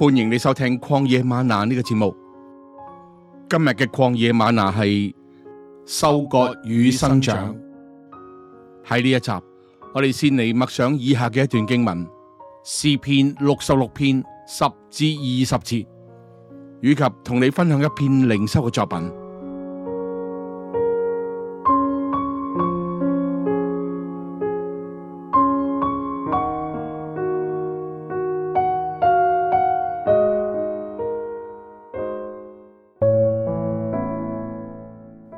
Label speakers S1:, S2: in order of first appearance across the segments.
S1: 歡迎你收聽曠野嗎哪呢個節目。今日嘅曠野嗎哪係收割與生長，喺呢一集，我哋先嚟默想以下嘅一段經文，詩篇六十六篇十至二十節，以及同你分享一篇靈修嘅作品。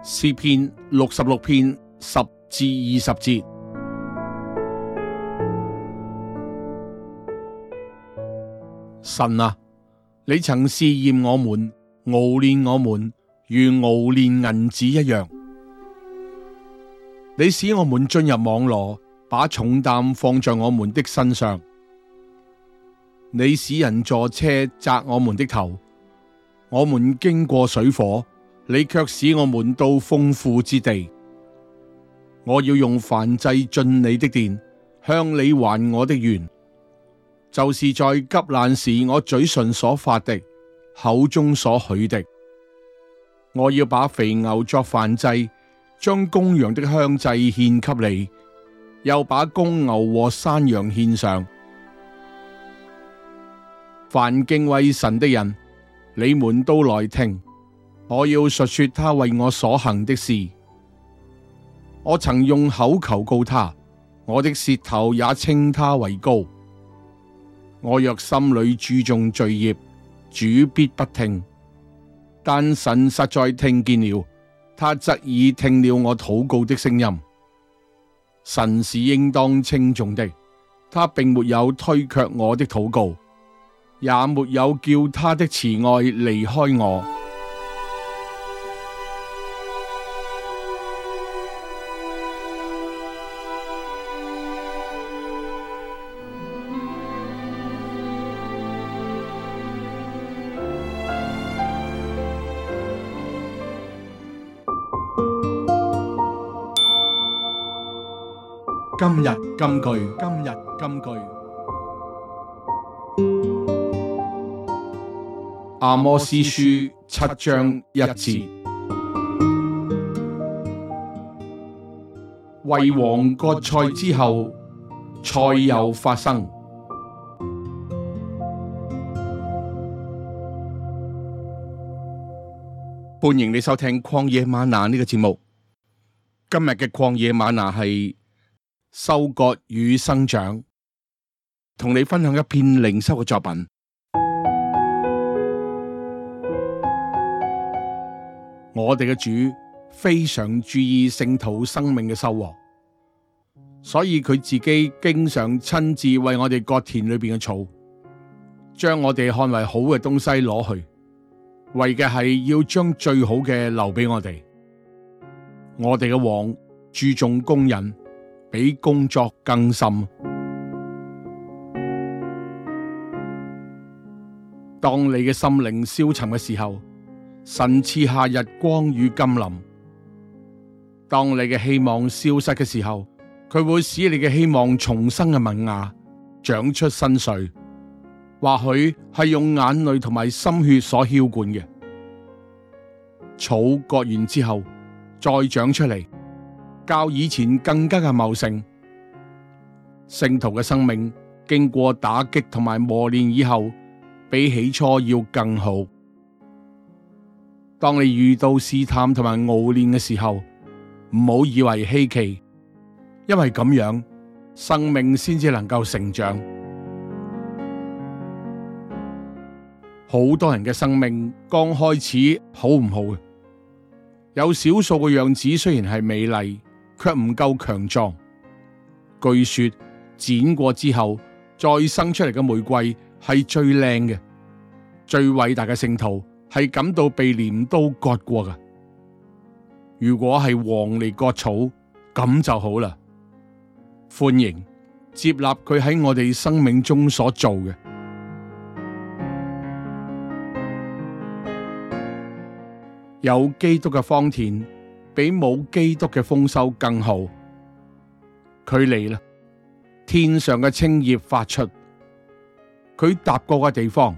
S1: 詩篇六十六篇十至二十節。神啊，你曾試驗我們，熬煉我們，如熬煉銀子一樣。你使我們進入網羅，把重擔放在我們的身上。你使人坐車砸我們的頭，我們經過水火。你卻使我們到豐富之地，我要用燔祭進你的殿，向你還我的願，就是在急難時我嘴唇所發的，口中所許的。我要把肥牛作燔祭，將公羊的香祭獻給你，又把公牛和山羊獻上。凡敬畏神的人，你們都來聽。我要述說他為我所行的事，我曾用口求告他，我的舌頭也稱他為高。我若心裏注重罪孽，主必不聽；但神實在聽見了，他側耳聽了我禱告的聲音。神是應當稱頌的，他並沒有推卻我的禱告，也沒有叫他的慈愛離開我。今日金句，今日金句，《阿摩斯書》七章一節，為王割菜之後，菜又發生。歡迎你收聽《曠野嗎哪》呢、這個節目。今日嘅《曠野嗎哪係》收割與生長，同你分享一篇靈修嘅作品。 我哋嘅主非常注意聖徒生命嘅收穫，所以佢自己經常親自為我哋割田裏面嘅草，將我哋看為好嘅東西攞去，為嘅係要將最好嘅留俾我哋。我哋嘅王注重工人，比工作更深。當你嘅心靈消沉嘅時候，神賜下日光與甘霖；當你嘅希望消失嘅時候，佢會使你嘅希望重生嘅萌芽長出新穗。或許係用眼淚同埋心血所澆灌嘅草割完之後，再長出嚟。較以前更加嘅茂盛。聖徒嘅生命經過打擊同埋磨練以後，比起初要更好。當你遇到試探同埋熬練嘅時候，唔好以為稀奇，因為咁樣，生命先至能夠成長。好多人嘅生命剛開始，好唔好嘅？有少數嘅樣子雖然係美麗。卻唔夠強壯。據說剪過之後再生出嚟嘅玫瑰係最靚嘅。最偉大嘅聖徒係感到被鐮刀割過嘅。如果係黃泥割草咁就好啦。歡迎接納佢喺我哋生命中所做嘅。有基督嘅荒田，比冇基督嘅豐收更好。佢嚟啦，天上嘅青葉發出，佢踏過嘅地方，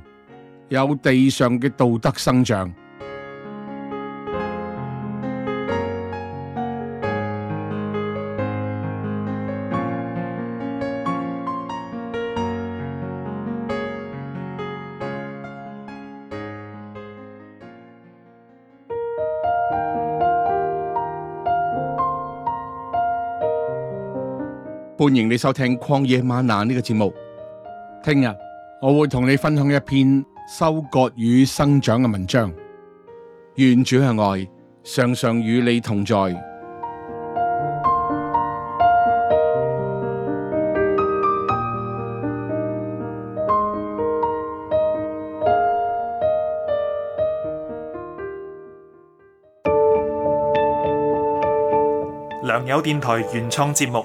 S1: 有地上嘅道德生長。歡迎你收聽曠野嗎哪呢、這個節目。聽日我會同你分享一篇收割與生長嘅文章。願主嘅愛常常與你同在。良友電台原創節目。